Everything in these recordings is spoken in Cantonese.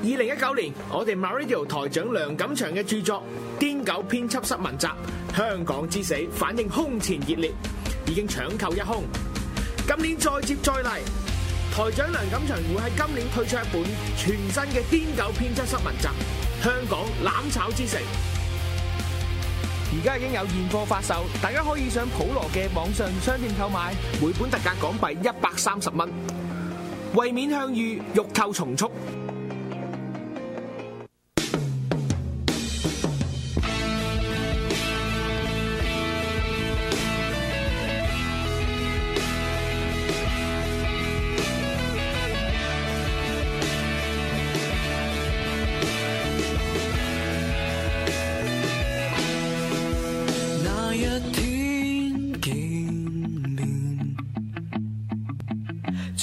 二零一九年，我哋 MyRadio 台長梁錦祥嘅著作《癲狗編輯室文集》香港之死反應空前熱烈，已經搶購一空。今年再接再厲，台長梁錦祥會喺今年推出一本全新嘅《癲狗編輯室文集》——香港攬炒之城。而家已經有現貨發售，大家可以上普羅嘅網上商店購買，每本特價港幣一百三十蚊。為免向隅，欲購從速。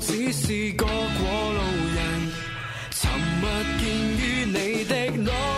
只是個過路人，沉默見於你的。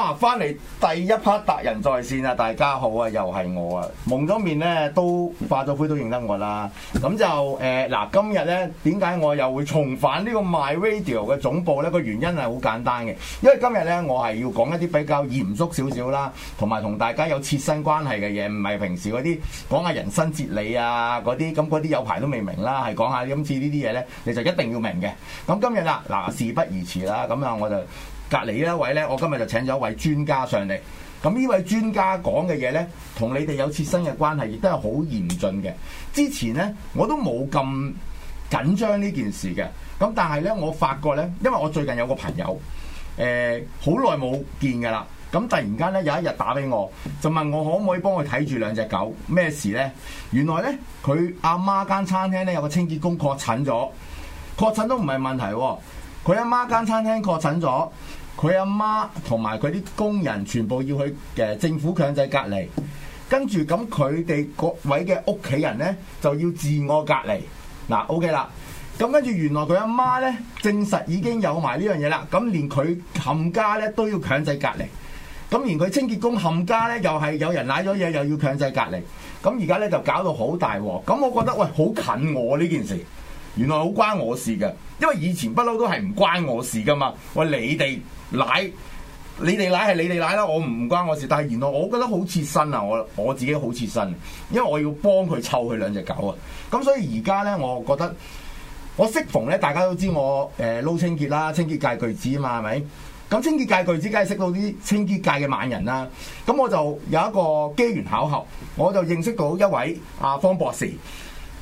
啊！翻嚟第一 part 達仁在線啊！大家好啊，又係我啊，蒙咗面咧都化咗灰都認得我啦。咁就誒嗱、呃，今日咧點解我又會重返呢個 My Radio 嘅總部咧？個原因係好簡單嘅，因為今日咧我係要講一啲比較嚴肅少少啦，同埋同大家有切身關係嘅嘢，唔係平時嗰啲講下人生哲理啊嗰啲，咁嗰啲有排都未明啦。係講下今次呢啲嘢咧，你就一定要明嘅。咁今日啊，嗱，事不宜遲啦，咁啊，我就。隔離呢一位呢，我今日就請咗一位專家上嚟。咁呢位專家講嘅嘢呢，同你哋有切身嘅關係，亦都係好嚴峻嘅。之前呢，我都冇咁緊張呢件事嘅。咁但係呢，我發覺呢，因為我最近有個朋友，誒好耐冇見㗎喇。咁突然間呢，有一日打俾我，就問我可唔可以幫佢睇住兩隻狗。咩事呢？原來呢，佢阿媽間餐廳呢，有個清潔工確診咗，確診都唔係問題喎。佢阿媽間餐廳確診咗。佢阿媽同埋佢啲工人全部要去誒政府強制隔離，跟住咁佢哋各位嘅屋企人呢，就要自我隔離。嗱 OK 啦，咁跟住原來佢阿媽呢，證實已經有埋呢樣嘢啦，咁連佢冚家呢，都要強制隔離。咁連佢清潔工冚家呢，又係有人攋咗嘢，又要強制隔離。咁而家呢，就搞到好大鑊。咁我覺得，喂好近我呢件事。原來好關我事嘅，因為以前不嬲都係唔關我事噶嘛。喂，你哋奶，你哋奶係你哋奶啦，我唔唔關我事。但係原來我覺得好切身啊，我我自己好切身，因為我要幫佢湊佢兩隻狗啊。咁所以而家呢，我覺得我適逢咧，大家都知我誒撈、呃、清潔啦，清潔界巨子啊嘛，係咪？咁清潔界巨子梗係識到啲清潔界嘅猛人啦。咁我就有一個機緣巧合，我就認識到一位阿、啊、方博士。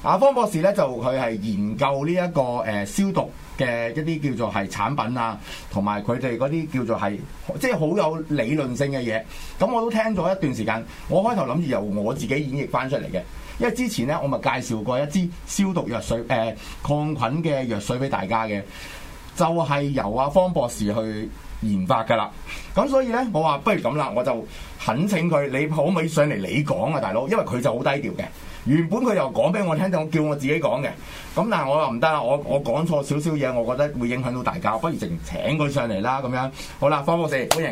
阿方博士咧就佢係研究呢、這、一個誒、呃、消毒嘅一啲叫做係產品啊，同埋佢哋嗰啲叫做係即係好有理論性嘅嘢。咁我都聽咗一段時間，我開頭諗住由我自己演繹翻出嚟嘅，因為之前咧我咪介紹過一支消毒藥水誒抗、呃、菌嘅藥水俾大家嘅，就係、是、由阿、啊、方博士去研發噶啦。咁所以咧，我話不如咁啦，我就懇請佢，你可唔可以上嚟你講啊，大佬？因為佢就好低調嘅。原本佢又講俾我聽，就叫我自己講嘅。咁但係我又唔得啦，我我講錯少少嘢，我覺得會影響到大家，我不如直情請佢上嚟啦咁樣。好啦，方博士歡迎，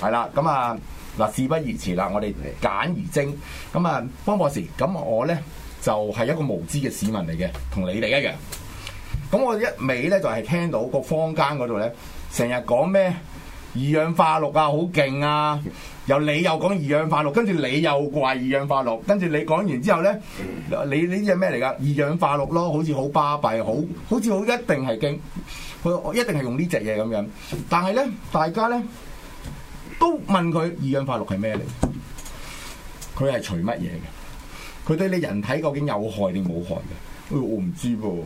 係啦的。咁啊嗱，事不宜遲啦，我哋簡而精。咁啊，方博士，咁我咧就係、是、一個無知嘅市民嚟嘅，同你哋一樣。咁我一味咧就係、是、聽到個坊間嗰度咧，成日講咩二氧化氯啊，好勁啊！又你又講二氧化氯，跟住你又怪二氧化氯，跟住你講完之後呢，你呢隻咩嚟噶？二氧化氯咯，好似好巴閉，好好似好一定係勁，佢一定係用呢隻嘢咁樣。但係呢，大家呢都問佢二氧化氯係咩嚟？佢係除乜嘢嘅？佢對你人體究竟有害定冇害嘅？我唔知噃。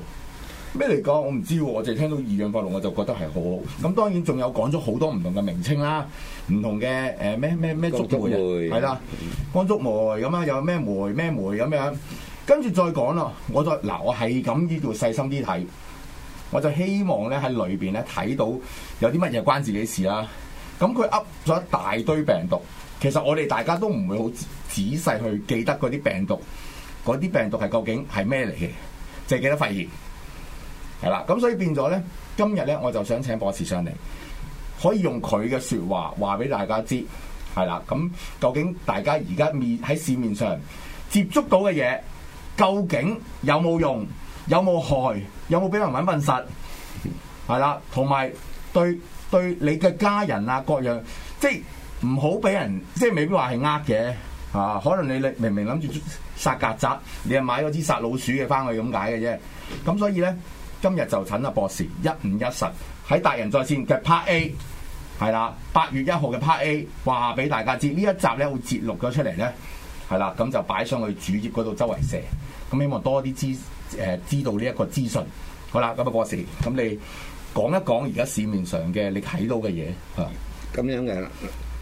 咩嚟講？我唔知喎，我淨係聽到二氧化氯，我就覺得係好好。咁當然仲有講咗好多唔同嘅名稱啦，唔同嘅誒咩咩咩觸媒，係啦，光觸媒咁啊，有咩媒咩媒咁樣。跟住再講咯，我再嗱，我係咁呢度細心啲睇，我就希望咧喺裏邊咧睇到有啲乜嘢關自己事啦，啊。咁佢 up 咗一大堆病毒，其實我哋大家都唔會好仔細去記得嗰啲病毒，嗰啲病毒係究竟係咩嚟嘅？就係、是、記得肺炎。係啦，咁所以變咗咧，今日咧我就想請博士上嚟，可以用佢嘅説話話俾大家知，係啦，咁究竟大家而家面喺市面上接觸到嘅嘢，究竟有冇用，有冇害，有冇俾人搵笨實？係啦，同埋對對你嘅家人啊，各樣即係唔好俾人即係未必話係呃嘅啊，可能你你明明諗住殺曱甴，你係買嗰支殺老鼠嘅翻去咁解嘅啫，咁所以咧。今日就診阿博士一五一十喺達仁在線嘅 part A 係啦，八月一號嘅 part A 話俾大家知，呢一集咧會節錄咗出嚟咧係啦，咁就擺上去主頁嗰度周圍射，咁希望多啲知誒、呃、知道呢一個資訊。好啦，咁啊博士，咁你講一講而家市面上嘅你睇到嘅嘢啊，咁樣嘅，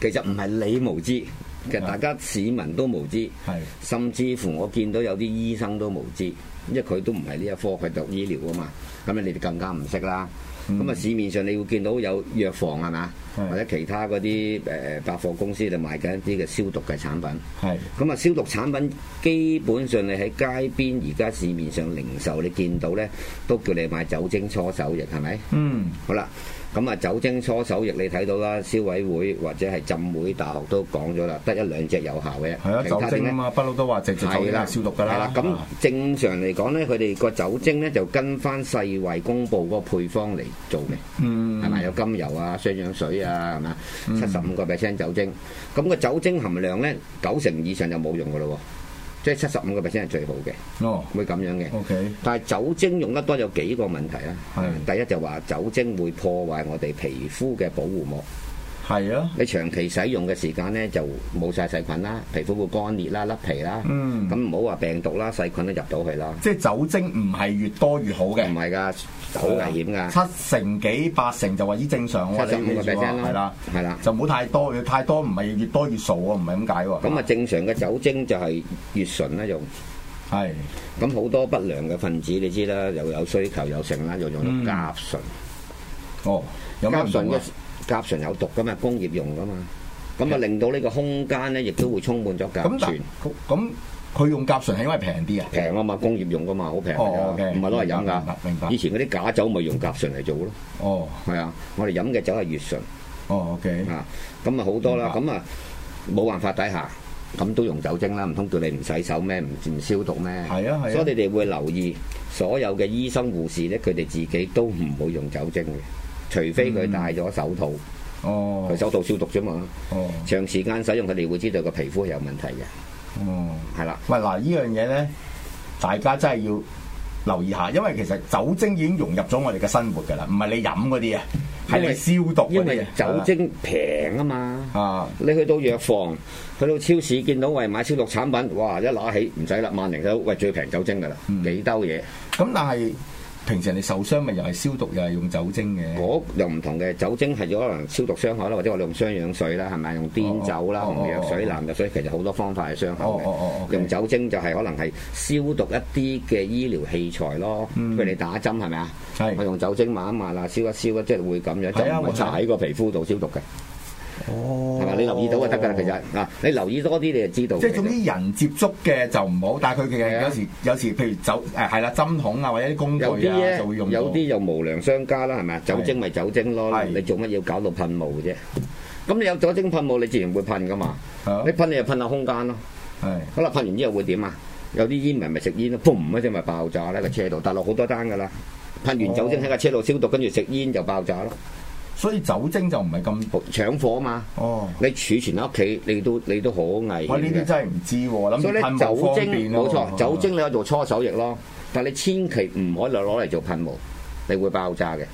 其實唔係你無知。其實大家市民都無知，的甚至乎我見到有啲醫生都無知，因為佢都唔係呢一科，去讀醫療啊嘛。咁你哋更加唔識啦。咁啊、嗯，市面上你會見到有藥房啊嘛，的或者其他嗰啲誒百貨公司就賣緊一啲嘅消毒嘅產品。係的。咁啊，消毒產品基本上你喺街邊而家市面上零售你見到咧，都叫你買酒精搓手液，係咪？嗯。好啦。咁啊，酒精搓手液你睇到啦，消委會或者係浸會大學都講咗啦，得一兩隻有效嘅，的其他咧不嬲都話淨係酒精、啊、只只只酒精消毒噶啦。咁正常嚟講咧，佢哋個酒精咧就跟翻世衞公布嗰個配方嚟做嘅，係咪、嗯、有甘油啊、雙氧水啊，係咪？七十五個 percent 酒精，咁、那個酒精含量咧九成以上就冇用噶咯喎。即係七十五個 percent 係最好嘅，oh, 會咁樣嘅。okay. 但係酒精用得多有幾個問題啦、啊。係。第一就話酒精會破壞我哋皮膚嘅保護膜。係啊！你長期使用嘅時間咧，就冇晒細菌啦，皮膚會乾裂啦、甩皮啦。嗯。咁唔好話病毒啦、細菌都入到去啦。即係酒精唔係越多越好嘅。唔係㗎，好危險㗎。七成幾八成就話依正常，七成幾啊？係啦，係啦，就唔好太多，太多唔係越多越數喎，唔係咁解喎。咁啊，正常嘅酒精就係乙醇咧用。係。咁好多不良嘅分子，你知啦，又有需求，有成啦，又用到甲醇。哦，甲醇啊！甲醇有毒噶嘛，工業用噶嘛，咁啊令到呢個空間咧，亦都會充滿咗甲醛。咁，咁佢用甲醇係因為平啲啊，平啊嘛，工業用噶嘛，好平，唔係攞嚟飲㗎。明白。以前嗰啲假酒咪用甲醇嚟做咯。哦。係啊，我哋飲嘅酒係乙醇。哦，OK。啊，咁啊好多啦，咁啊冇辦法底下，咁都用酒精啦，唔通叫你唔洗手咩？唔唔消毒咩？係啊係啊。所以你哋會留意，所有嘅醫生護士咧，佢哋自己都唔會用酒精嘅。除非佢戴咗手套，嗯、哦，佢手套消毒啫嘛，哦，長時間使用佢哋會知道個皮膚有問題嘅，哦、嗯，係啦的，喂，嗱，呢樣嘢咧，大家真係要留意下，因為其實酒精已經融入咗我哋嘅生活㗎啦，唔係你飲嗰啲啊，係為你消毒，因為酒精平啊嘛，啊、嗯，的你去到藥房，去到超市見到喂買消毒產品，哇，一攞起唔使啦，萬寧都係最平酒精㗎啦，幾兜嘢，咁、嗯、但係。平時你受傷咪又係消毒又係用酒精嘅，我又唔同嘅。酒精係有可能消毒傷口啦，或者我用雙氧水啦，係咪用碘酒啦、紅藥水、藍藥水，其實好多方法係傷口嘅。用酒精就係可能係消毒一啲嘅醫療器材咯，譬如你打針係咪啊？係我用酒精抹一抹啦，燒一燒啦，即係會咁樣。係搽喺個皮膚度消毒嘅。.哦，係嘛、oh,？你留意到就得噶啦，其實啊，你留意多啲你就知道。即係總之人接觸嘅就唔好，但係佢其實有時的有時，譬如酒誒係啦針筒啊或者啲工具啊，有啲咧有啲又無良商家啦，係咪啊？酒精咪酒精咯，是的 你做乜要搞到噴霧嘅啫？咁你有酒精噴霧，你自然會噴噶嘛。Oh, 你噴你就噴下空間咯。係好啦，噴完之後會點啊？有啲煙民咪食煙咯，嘣一聲咪爆炸咧個車度，帶落好多單噶啦。噴完酒精喺個車度消毒，跟住食煙就爆炸咯。所以酒精就唔係咁搶火嘛，哦、你儲存喺屋企，你都你都好危險嘅，哇，呢啲真係唔知喎、啊，諗住噴霧方便咯、啊、酒精，冇、啊、錯，嗯、酒精你可以做搓手液咯，但係你千祈唔可以攞嚟做噴霧，你會爆炸嘅。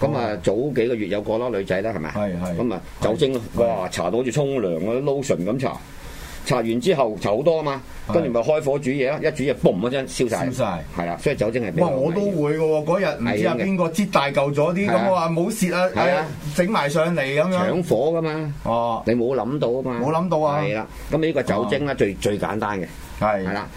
咁啊，早、哦、幾個月有個咯女仔啦，係咪？係係。咁啊，酒精是是哇，搽到好似沖涼嗰啲 lotion 咁搽。搽完之後，搽好多啊嘛，跟住咪開火煮嘢啦，一煮嘢嘣一陣燒晒。係啊，所以酒精係唔好嘅。我都會嘅喎，嗰日唔知啊邊個折大嚿咗啲咁，我話冇蝕啊，誒整埋上嚟咁樣搶火㗎嘛。哦，你冇諗到啊嘛，冇諗到啊，係啦。咁呢個酒精啦，最最簡單嘅係係啦。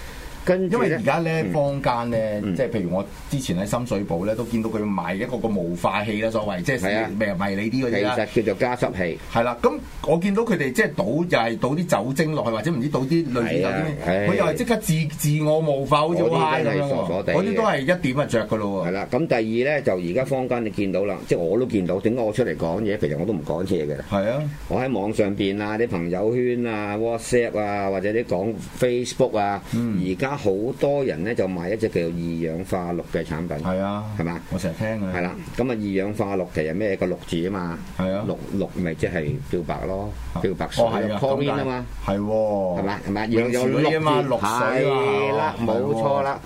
因為而家咧，坊間咧，即係譬如我之前喺深水埗咧，都見到佢賣一個個霧化器啦，所謂即係咩迷你啲嗰其實叫做加濕器。係啦，咁我見到佢哋即係倒，就係倒啲酒精落去，或者唔知倒啲類似酒精。佢又係即刻自自我霧化，好似開咗。嗰啲都係一點一着噶咯喎。係啦，咁第二咧就而家坊間你見到啦，即係我都見到，點解我出嚟講嘢，其實我都唔講嘢嘅。係啊，我喺網上邊啊、啲朋友圈啊、WhatsApp 啊，或者你講 Facebook 啊，而家。好多人咧就買一隻叫二氧化氯嘅產品，係啊，係嘛？我成日聽嘅，係啦，咁啊，二氧化氯其實咩？個氯字啊嘛，係啊，氯氯咪即係漂白咯，漂白水，礆面啊嘛，係喎，係嘛？乜嘢有氯啊？氯水啦，冇錯啦。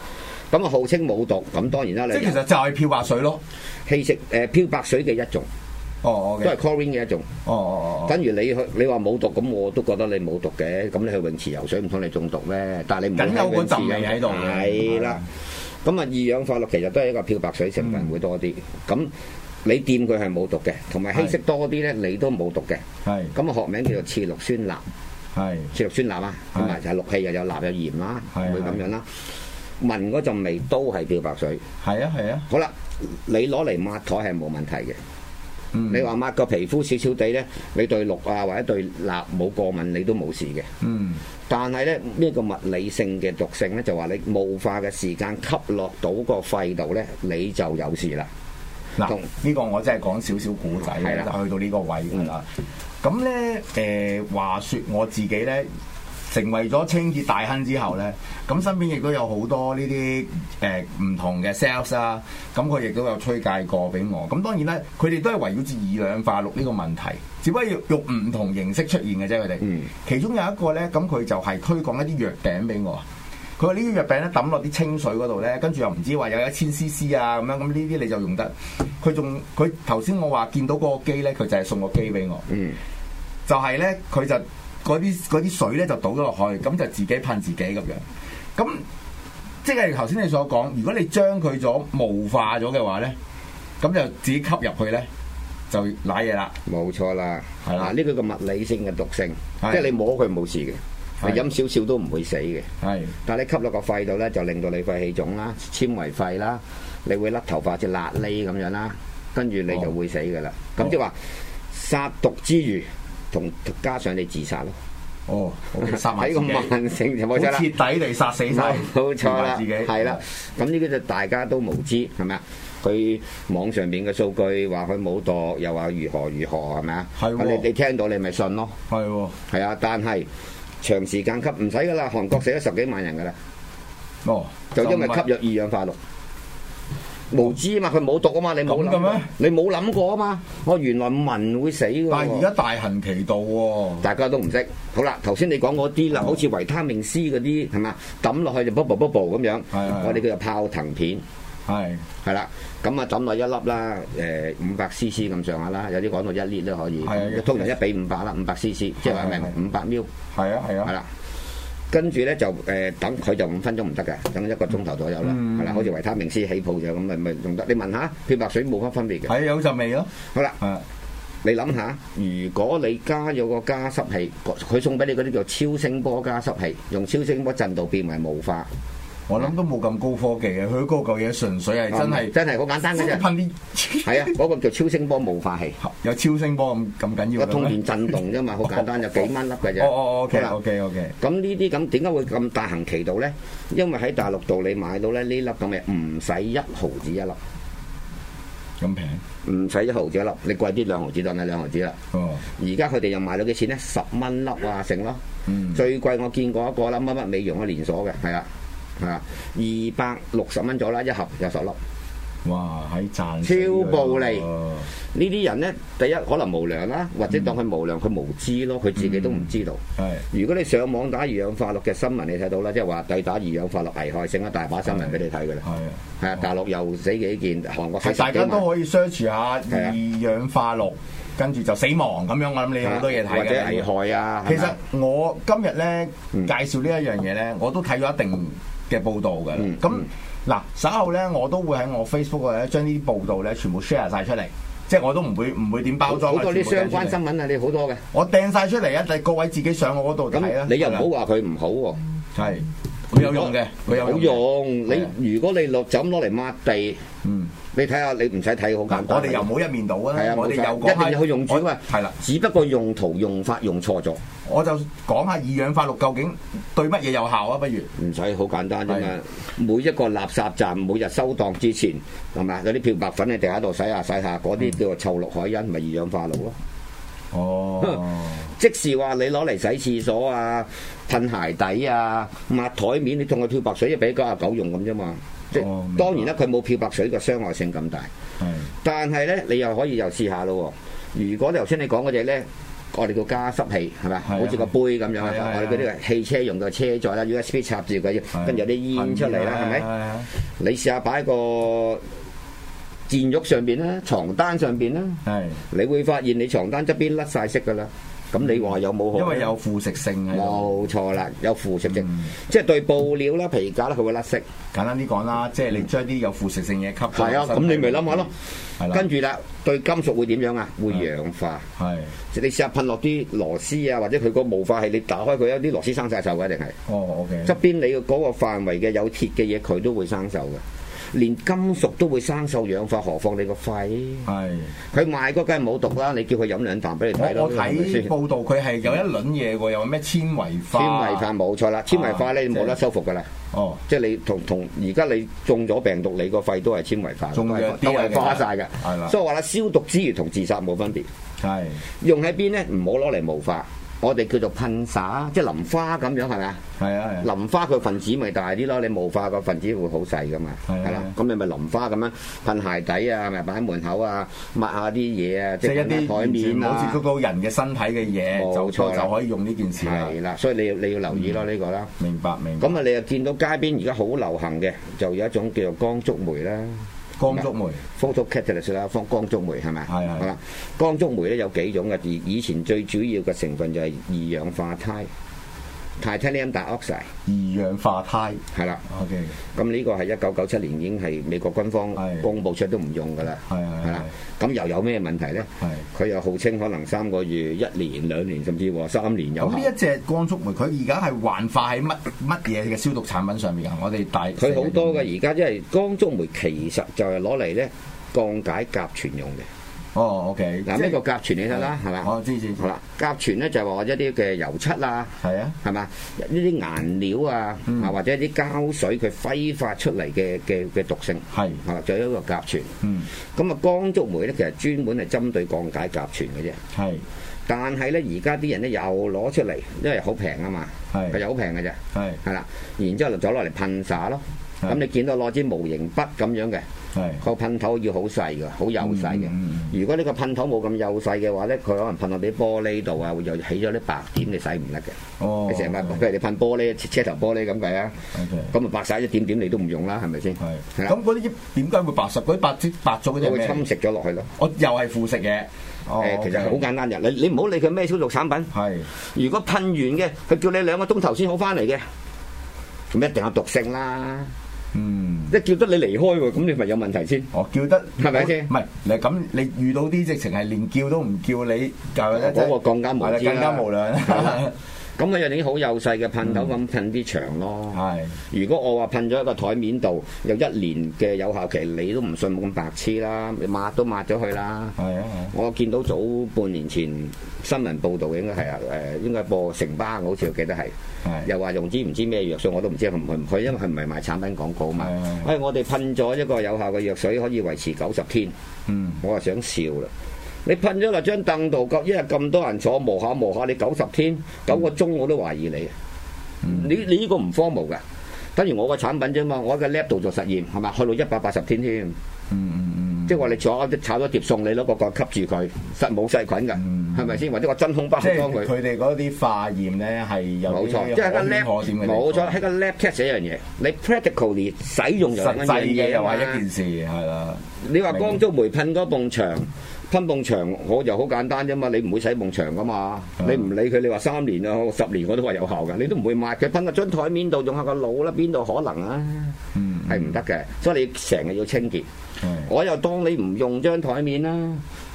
咁啊，號稱冇毒，咁當然啦。你。即係其實就係漂白水咯，氣息誒漂白水嘅一種。哦，都係 chlorine 嘅一種。哦哦哦，跟住你去，你話冇毒咁，我都覺得你冇毒嘅。咁你去泳池游水，唔通你中毒咩？但係你冇嗰陣味喺度係啦。咁啊，二氧化氯其實都係一個漂白水成分會多啲。咁你掂佢係冇毒嘅，同埋稀釋多啲咧，你都冇毒嘅。係咁啊，學名叫做次氯酸鈉係次氯酸鈉啊，同埋就係氯氣又有鈉有鹽啦，會咁樣啦。聞嗰陣味都係漂白水係啊係啊。好啦，你攞嚟抹台係冇問題嘅。嗯、你話抹個皮膚少少地咧，你對氯啊或者對氯冇過敏，你都冇事嘅。嗯，但係咧呢、呢個物理性嘅毒性咧，就話你霧化嘅時間吸落到個肺度咧，你就有事啦。嗱喏，呢、嗯、個我真係講少少古仔啦，的去到呢個位咁咧，誒、嗯呃、話説我自己咧。成為咗清潔大亨之後呢，咁身邊亦都有好多呢啲誒唔同嘅 sales 啦，咁佢亦都有推介過俾我。咁當然咧，佢哋都係圍繞住二氧化氯呢個問題，只不過要用唔同形式出現嘅啫。佢哋，其中有一個呢，咁佢就係推廣一啲藥餅俾我。佢話呢啲藥餅呢，抌落啲清水嗰度呢，跟住又唔知話有一千 cc 啊咁樣，咁呢啲你就用得。佢仲佢頭先我話見到嗰個機呢，佢就係送個機俾我。嗯，就係呢，佢就。嗰啲啲水咧就倒咗落去，咁就自己噴自己咁樣。咁即係頭先你所講，如果你將佢咗霧化咗嘅話咧，咁就自己吸入去咧就瀨嘢啦。冇錯啦，係啦的，呢個嘅物理性嘅毒性，的即係你摸佢冇事嘅，飲的少少都唔會死嘅。係的，但係你吸落個肺度咧，就令到你肺氣腫啦、纖維肺啦，你會甩頭髮只辣痢咁樣啦，跟住你就會死嘅啦。咁即係話殺毒之餘。同加上你自殺咯，哦，oh, okay, 殺埋自己，徹 底地殺死晒，冇 錯啦，係啦，咁呢啲就大家都無知係咪啊？佢網上面嘅數據話佢冇毒，又話如何如何係咪啊？我哋、哦、你，你聽到你咪信咯，係喎、哦，係啊，但係長時間吸唔使噶啦，韓國死咗十幾萬人噶啦，哦，就因為吸入二氧化氯。無知啊嘛，佢冇讀啊嘛，你冇諗，你冇諗過啊嘛，我原來聞會死喎。但係而家大行其道喎，大家都唔識。好啦，頭先你講嗰啲啦，好似維他命 C 嗰啲係嘛，抌落去就卜卜卜卜咁樣，我哋叫做泡騰片。係係啦，咁啊抌落一粒啦，誒五百 CC 咁上下啦，有啲講到一粒都可以，通常一比五百啦，五百 CC，即係話明五百 ML。係啊係啊。係啦。跟住咧就誒等佢就五分鐘唔得嘅，等一個鐘頭左右啦，係啦，好似維他命 C 起泡就咁咪咪用得。你問下，漂白水冇乜分別嘅，係有陣味咯。好啦，你諗下，如果你加咗個加濕器，佢送俾你嗰啲叫超聲波加濕器，用超聲波震動變為霧化。我諗都冇咁高科技嘅，佢嗰個舊嘢純粹係真係，真係好簡單嘅啫。噴啲係啊，嗰個叫超聲波霧化器，有超聲波咁咁緊要，個通電震動啫嘛，好簡單，有幾蚊粒嘅啫。哦，OK OK OK。咁呢啲咁點解會咁大行其道咧？因為喺大陸度你買到咧呢粒咁嘅，唔使一毫子一粒。咁平？唔使一毫子一粒，你貴啲兩毫子，就係兩毫子啦。哦。而家佢哋又賣到幾錢咧，十蚊粒啊成咯。嗯。最貴我見過一個啦，乜乜美容嘅連鎖嘅，係啊。係啦，二百六十蚊咗啦，一盒有十粒。哇！喺賺超暴利。呢啲人咧，第一可能無良啦，或者當佢無良，佢無知咯，佢自己都唔知道。係。如果你上網打二氧化氯嘅新聞，你睇到啦，即係話對打二氧化氯危害性啊，大把新聞俾你睇噶啦。係啊。係啊，大陸又死幾件，韓國大家都可以 search 下二氧化氯，跟住就死亡咁樣，我諗你好多嘢睇或者危害啊。其實我今日咧介紹呢一樣嘢咧，我都睇咗一定。嘅報道嘅，咁嗱、嗯，稍後咧，我都會喺我 Facebook 嗰度咧，將啲報道咧全部 share 晒出嚟，即係我都唔會唔會點包裝啊，好多啲相關新聞啊，你好多嘅，我掟晒出嚟啊，第各位自己上我嗰度睇啊。嗯、吧你又唔好話佢唔好喎，係。佢有用嘅，佢有用。你如果你落就咁攞嚟抹地，嗯，你睇下你唔使睇好簡單。我哋又冇一面倒啊！我哋有講，一定要去用住。係啦，只不過用途用法用錯咗。我就講下二氧化氯究竟對乜嘢有效啊？不如唔使好簡單啫嘛。每一個垃圾站每日收檔之前，係咪啊？嗰啲漂白粉你哋喺度洗下洗下，嗰啲叫做臭氯海因，咪二氧化氯咯。哦，即時話你攞嚟洗廁所啊！噴鞋底啊，抹台面你用個漂白水一俾九十九用咁啫嘛，即係當然啦，佢冇漂白水個傷害性咁大，但係咧你又可以又試下咯。如果頭先你講嗰隻咧，我哋叫加濕器係咪？好似個杯咁樣啊，我哋嗰啲係汽車用嘅車載啦，USB 插住佢，跟住有啲煙出嚟啦，係咪？你試下擺個墊褥上邊啦，床單上邊啦，你會發現你床單側邊甩晒色噶啦。咁、嗯、你話有冇？好？因為有腐蝕性嘅。冇錯啦，有腐蝕性，嗯、即係對布料啦、皮革啦，佢會甩色。簡單啲講啦，即係你將啲有腐蝕性嘢吸。係啊、嗯，咁你咪諗下咯。係啦。跟住啦，對金屬會點樣啊？會氧化。係。的你試噴下噴落啲螺絲啊，或者佢個霧化器係你打開佢有啲螺絲生晒鏽嘅定係？哦，OK。側邊你嗰個範圍嘅有鐵嘅嘢，佢都會生鏽嘅。連金屬都會生鏽氧化，何況你個肺？係佢是的 賣嗰，梗係冇毒啦！你叫佢飲兩啖俾你睇咯。我我睇報道吧，佢係有一輪嘢喎，有咩纖維化？纖維化冇錯啦，纖維化咧冇得修復噶啦。哦，即係你同同而家你中咗病毒，你個肺都係纖維化，啊、都係化晒嘅。係啦、啊，所以話啦，消毒之餘同自殺冇分別。係的用喺邊咧？唔好攞嚟霧化。我哋叫做噴灑，即係淋花咁樣，係咪啊？係啊，淋花佢分子咪大啲咯，你霧化個分子會好細噶嘛，係啦。咁你咪淋花咁樣噴鞋底啊，咪擺喺門口啊，抹下啲嘢啊，即係一啲完全冇涉及到人嘅身體嘅嘢，就就可以用呢件事啦。係啦、啊，所以你你要留意咯呢、嗯、個啦。明白明白。咁啊，你又見到街邊而家好流行嘅，就有一種叫做光觸媒啦。光觸媒，photo catalysis 啦是，方光觸媒係咪？係啊，光觸媒咧有幾種嘅，以以前最主要嘅成分就係二氧化鈦。Titanium dioxide，二氧化鈦，係啦的。O K，咁呢個係一九九七年已經係美國軍方公佈出都唔用噶啦。係係啦。咁的的又有咩問題咧？係佢的又號稱可能三個月、一年、兩年，甚至三年有。咁呢一隻光觸媒，佢而家係還化喺乜乜嘢嘅消毒產品上面啊？我哋大佢好多嘅，而家因為光觸媒其實就係攞嚟咧降解甲醛用嘅。哦，OK，嗱，呢個甲醛你得啦，係嘛？我知知。係啦，甲醛咧就係話一啲嘅油漆啊，係啊，係嘛？呢啲顏料啊，係或者啲膠水佢揮發出嚟嘅嘅嘅毒性，係，係啦，仲有一個甲醛。嗯。咁啊，光觸媒咧，其實專門係針對降解甲醛嘅啫。係。但係咧，而家啲人咧又攞出嚟，因為好平啊嘛。係。又好平嘅啫。係。係啦，然之後就攞嚟噴灑咯。咁你見到攞支模型筆咁樣嘅，個噴頭要好細嘅，好幼細嘅。如果呢個噴頭冇咁幼細嘅話咧，佢可能噴落啲玻璃度啊，會又起咗啲白點，你洗唔甩嘅。哦，你成塊，譬如你噴玻璃、車頭玻璃咁計啊。O K。咁啊白晒一點點，你都唔用啦，係咪先？係。咁嗰啲點解會白十？嗰啲白黐白咗嘅？就會侵蝕咗落去咯。我又係腐蝕嘅。其實好簡單嘅。你你唔好理佢咩消毒產品。係。如果噴完嘅，佢叫你兩個鐘頭先好翻嚟嘅，咁一定有毒性啦。嗯，一叫得你離開喎，咁你咪有問題先。哦，叫得係咪先？唔係，嗱，咁你遇到啲直情係連叫都唔叫你，就更加無啦。更加無良，啊。 啊咁啊，已經有啲好幼細嘅噴頭咁、嗯、噴啲牆咯。係。如果我話噴咗一個台面度，有一年嘅有效期，你都唔信咁白痴啦，抹都抹咗佢啦。係啊。啊我見到早半年前新聞報道應該係啊，誒、呃、應該播城巴，我好似記得係。啊、又話用啲唔知咩藥水，我都唔知佢去唔去，因為佢唔係賣產品廣告啊嘛。係、啊啊哎、我哋噴咗一個有效嘅藥水，可以維持九十天。嗯。我話想笑啦。你噴咗落張凳度，咁一日咁多人坐磨下磨下，你九十天九個鐘我都懷疑你。你你呢個唔荒謬嘅？等於我個產品啫嘛，我喺個 lab 度做實驗，係咪，去到一百八十天添。嗯嗯嗯。即係話你坐一啲炒咗碟餸，你攞個蓋吸住佢，實冇細菌㗎，係咪先？或者個真空包裝佢。即係佢哋嗰啲化驗咧係有。冇錯，即係個 lab。冇錯，喺個 lab test 一樣嘢。你 practical 啲使用上嘅嘢咧。實際嘢又話一件事係啦。你話光觸媒噴嗰棟牆。噴泵牆我就好簡單啫嘛，嗯、你唔會洗泵牆噶嘛，你唔理佢，你話三年啊，十年我都話有效嘅，你都唔會抹佢。噴喺張台面度，用下個腦啦，邊度可能啊？嗯，係唔得嘅，所以你成日要清潔。嗯、我又當你唔用張台面啦，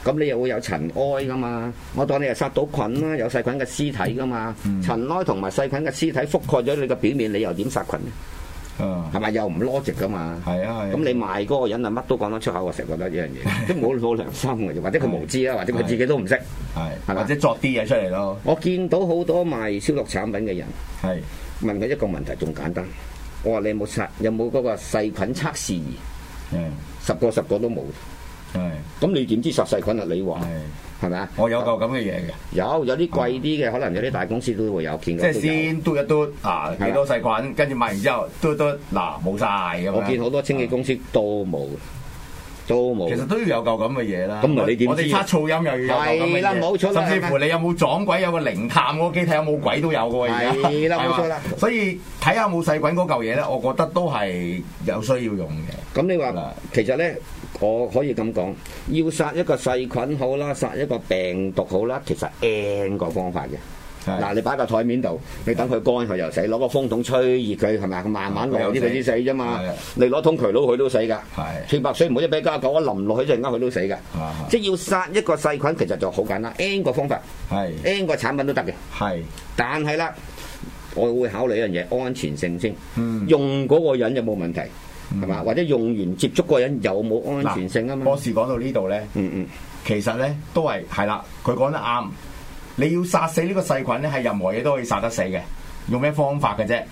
咁你又會有塵埃噶嘛？我當你係殺到菌啦，有細菌嘅屍體噶嘛？嗯、塵埃同埋細菌嘅屍體覆蓋咗你個表面，你又點殺菌咧？嗯，係咪 又唔 logic 噶嘛？係 啊樂，咁 你賣嗰個人啊，乜都講得出口，我成日覺得呢樣嘢都冇良心嘅，或者佢無知啊，或者佢自己都唔識，係或者作啲嘢出嚟咯。我見到好多賣消毒產品嘅人，係問佢一個問題，仲簡單。我話你有冇測？有冇嗰個細菌測試？嗯，十 個十個都冇。咁你點知實細菌啊？你話係咪啊？我有嚿咁嘅嘢嘅，有有啲貴啲嘅，可能有啲大公司都會有見。即係先嘟一嘟，啊，幾多細菌？跟住買完之後篤嘟，嗱，冇晒。我見好多清潔公司都冇，都冇。其實都要有嚿咁嘅嘢啦。咁你點？我哋測噪音又要有嚿咁嘅嘢。甚至乎你有冇撞鬼？有個靈探嗰個機睇有冇鬼都有噶。係啦，冇錯啦。所以睇下冇細菌嗰嚿嘢咧，我覺得都係有需要用嘅。咁你話其實咧？我可以咁講，要殺一個細菌好啦，殺一個病毒好啦，其實 N 個方法嘅。嗱，你擺個枱面度，你等佢乾佢又死，攞個風筒吹熱佢，係咪？佢慢慢落啲佢先死啫嘛。你攞桶渠撈佢都死㗎。漂白水唔好一比加啊九啊淋落去陣間佢都死㗎。即係要殺一個細菌，其實就好簡單，N 個方法，N 個產品都得嘅。但係啦，我會考慮一樣嘢，安全性先。用嗰個人有冇問題？或者用完接觸個人有冇安全性啊嘛？嗯嗯，博士講到呢度咧，嗯嗯，其實咧都係係啦，佢講得啱。你要殺死呢個細菌咧，係任何嘢都可以殺得死嘅，用咩方法嘅啫？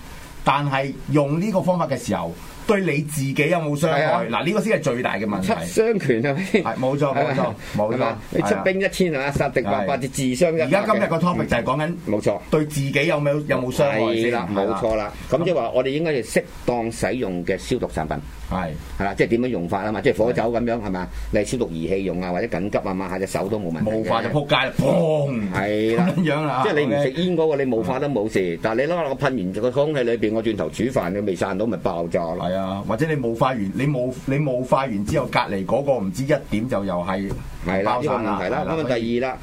但係用呢個方法嘅時候，對你自己有冇傷害？嗱，呢個先係最大嘅問題。七傷拳係咪？冇錯冇錯冇錯。你出兵一千啊，殺敵八百，至自傷一。而家今日個 topic 就係講緊冇錯，對自己有冇有冇傷害先啦？冇錯啦。咁即係話，我哋應該要適當使用嘅消毒產品。係，係啦，即係點樣用法啊嘛，即係火酒咁樣係嘛是的，你消毒儀器用啊，或者緊急啊，嘛，抹下隻手都冇問題。霧化就撲街，砰！係啦的，咁樣啊，即係你唔食煙嗰個你霧化都冇事，Okay. 但係你諗下我噴完個空氣裏邊，我轉頭煮飯，你未散到咪爆炸啦？係啊，或者你霧化完你霧你霧化完之後隔離嗰個唔知一點就又係係啦，呢個問題啦。咁啊第二啦。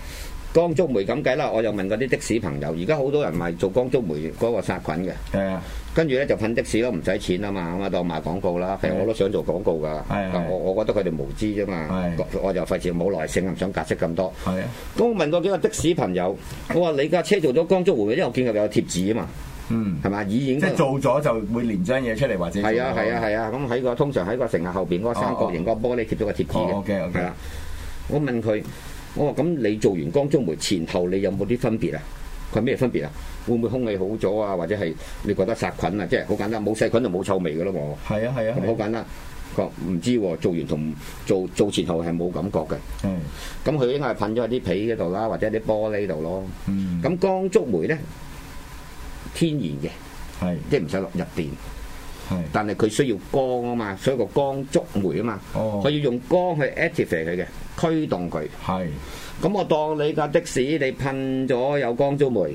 光觸媒咁計啦，我又問嗰啲的士朋友，而家好多人咪做光觸媒嗰個殺菌嘅。係啊，跟住咧就噴的士咯，唔使錢啊嘛，咁啊當賣廣告啦。其實我都想做廣告噶，但、啊、我我覺得佢哋無知啫嘛。係、啊，我就費事冇耐性，唔想解釋咁多。係啊，咁我問過幾個的士朋友，我話你架車做咗光觸媒嘅，因為我見佢有貼紙啊嘛。嗯，係咪已經做咗就會連張嘢出嚟或者係啊，係啊，係啊，咁喺個通常喺個乘客後邊嗰個三角形嗰個玻璃貼咗個貼紙嘅、哦哦。OK OK，、啊、我問佢。我話咁，你做完光觸媒前後，你有冇啲分別啊？佢咩分別啊？會唔會空氣好咗啊？或者係你覺得殺菌啊？即係好簡單，冇細菌就冇臭味噶咯喎。係啊係啊，好簡單。個唔、嗯嗯、知喎、啊，做完同做做前後係冇感覺嘅。嗯是。咁佢應該係噴咗喺啲皮嗰度啦，或者啲玻璃度咯。嗯。咁光觸媒咧，天然嘅，係是即係唔使落入電。但係佢需要光啊嘛，所以個光觸媒啊嘛，我要用光去 activate 佢嘅，驅動佢係。咁我當你架的士，你噴咗有光觸媒，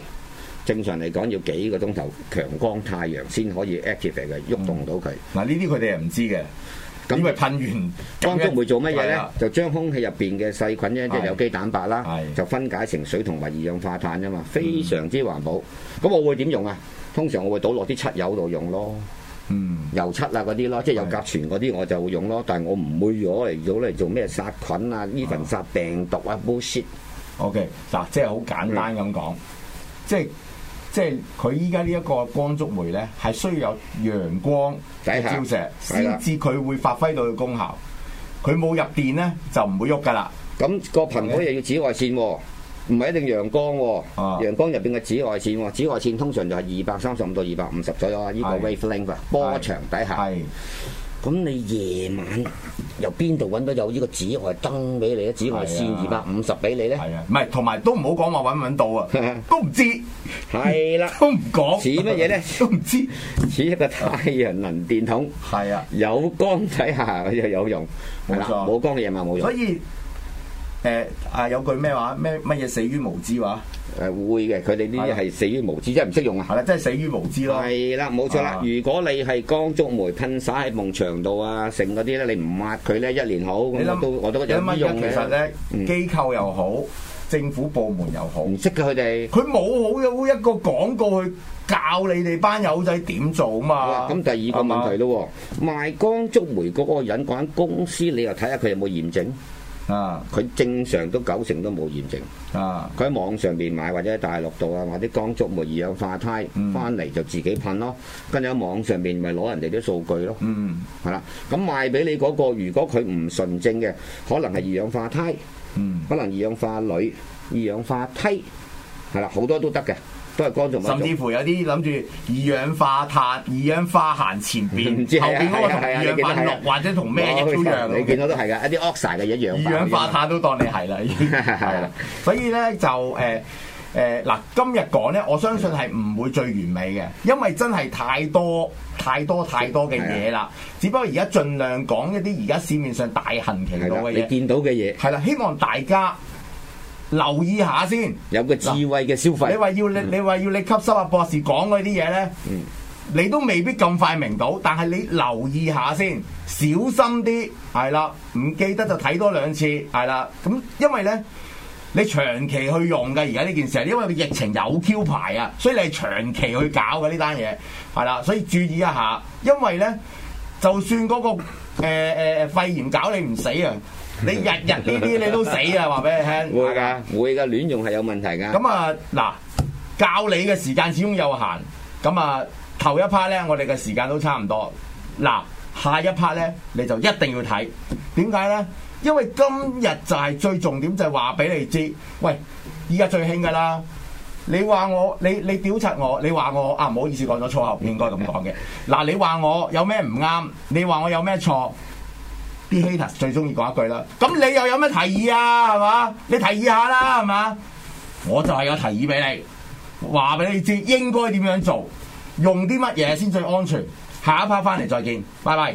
正常嚟講要幾個鐘頭強光太陽先可以 activate 嘅，喐動到佢。嗱，呢啲佢哋係唔知嘅。咁佢噴完光觸媒做乜嘢咧？就將空氣入邊嘅細菌咧，即係有機蛋白啦，就分解成水同埋二氧化碳啫嘛，非常之環保。咁我會點用啊？通常我會倒落啲漆油度用咯。嗯，油漆啊嗰啲咯，即係有甲醛嗰啲我就用咯，但係我唔會攞嚟用嚟做咩殺菌啊呢份 even 殺病毒啊，boost。Bull shit OK，嗱、啊，即係好簡單咁講、嗯，即係即係佢依家呢一個光觸媒咧，係需要有陽光照射，先至佢會發揮到嘅功效。佢冇的入電咧就唔會喐噶啦。咁個頻譜又要紫外線。唔係一定陽光，陽光入邊嘅紫外線，紫外線通常就係二百三十五到二百五十左右啊，依個 wave length 波長底下，咁你夜晚由邊度揾到有呢個紫外燈俾你咧？紫外線二百五十俾你咧？係啊，唔係，同埋都唔好講話揾唔揾到啊，都唔知。係啦，都唔講。似乜嘢咧？都唔知。似一個太陽能電筒。係啊，有光底下又有用，冇錯，冇光嘅夜晚冇用。所以。誒啊、嗯！有句咩話咩乜嘢死於無知話？誒會嘅，佢哋呢啲係死於無知，了即係唔識用啊！係啦，即係死於無知咯。係啦，冇錯啦。了如果你係光觸媒噴灑喺牆墻度啊，剩嗰啲咧，你唔抹佢咧，一年好咁我我都覺得有啲用嘅其實咧，嗯、機構又好，政府部門又好，唔識嘅佢哋，佢冇好有一個廣告去教你哋班友仔點做嘛。咁、啊啊嗯、第二個問題咯，吧賣光觸媒嗰個人嗰間公司，你又睇下佢有冇驗證？ 啊！佢正常都九成都冇驗證。啊！佢喺網上邊買或者喺大陸度啊，或者光觸媒二氧化鈦翻嚟就自己噴咯。跟住喺網上邊咪攞人哋啲數據咯。嗯，係啦。咁賣俾你嗰，那個，如果佢唔純正嘅，可能係二氧化鈦，嗯、可能二氧化鋁、二氧化鈦，係啦，好多都得嘅。都甚至乎有啲諗住二氧化碳、二氧化氯前邊、後邊嗰個同二氧化碳落，或者同咩一樣。你見到都係噶，一啲 o x 嘅一樣。二氧化碳都當你係啦，係啦。所以咧就誒誒嗱，今日講咧，我相信係唔會最完美嘅，因為真係太多太多太多嘅嘢啦。只不過而家盡量講一啲而家市面上大行其道嘅嘢，你見到嘅嘢係啦，希望大家。留意下先，有個智慧嘅消費。你話要你，嗯、你話要你吸收阿、啊、博士講嗰啲嘢咧，嗯、你都未必咁快明到。但係你留意下先，小心啲，係啦。唔記得就睇多兩次，係啦。咁因為咧，你長期去用嘅而家呢件事，因為疫情有 Q 牌啊，所以你係長期去搞嘅呢單嘢，係啦。所以注意一下，因為咧，就算嗰、嗰個誒誒、呃呃、肺炎搞你唔死啊！你日日呢啲你都死啊！話俾你聽，會噶會噶亂用係有問題噶。咁啊嗱，教你嘅時間始終有限。咁啊頭一 part 咧，我哋嘅時間都差唔多。嗱，下一 part 咧，你就一定要睇。點解咧？因為今日就係最重點，就係話俾你知。喂，依家最興噶啦！你話我，你你屌柒我，你話我啊，唔好意思講咗錯，唔應該咁講嘅。嗱，你話我有咩唔啱？你話我有咩錯？啲希特最中意嗰一句啦，咁你又有咩提議啊？係嘛，你提議下啦，係嘛？我就係有提議俾你，話俾你知應該點樣做，用啲乜嘢先最安全。下一 part 翻嚟再見，拜拜。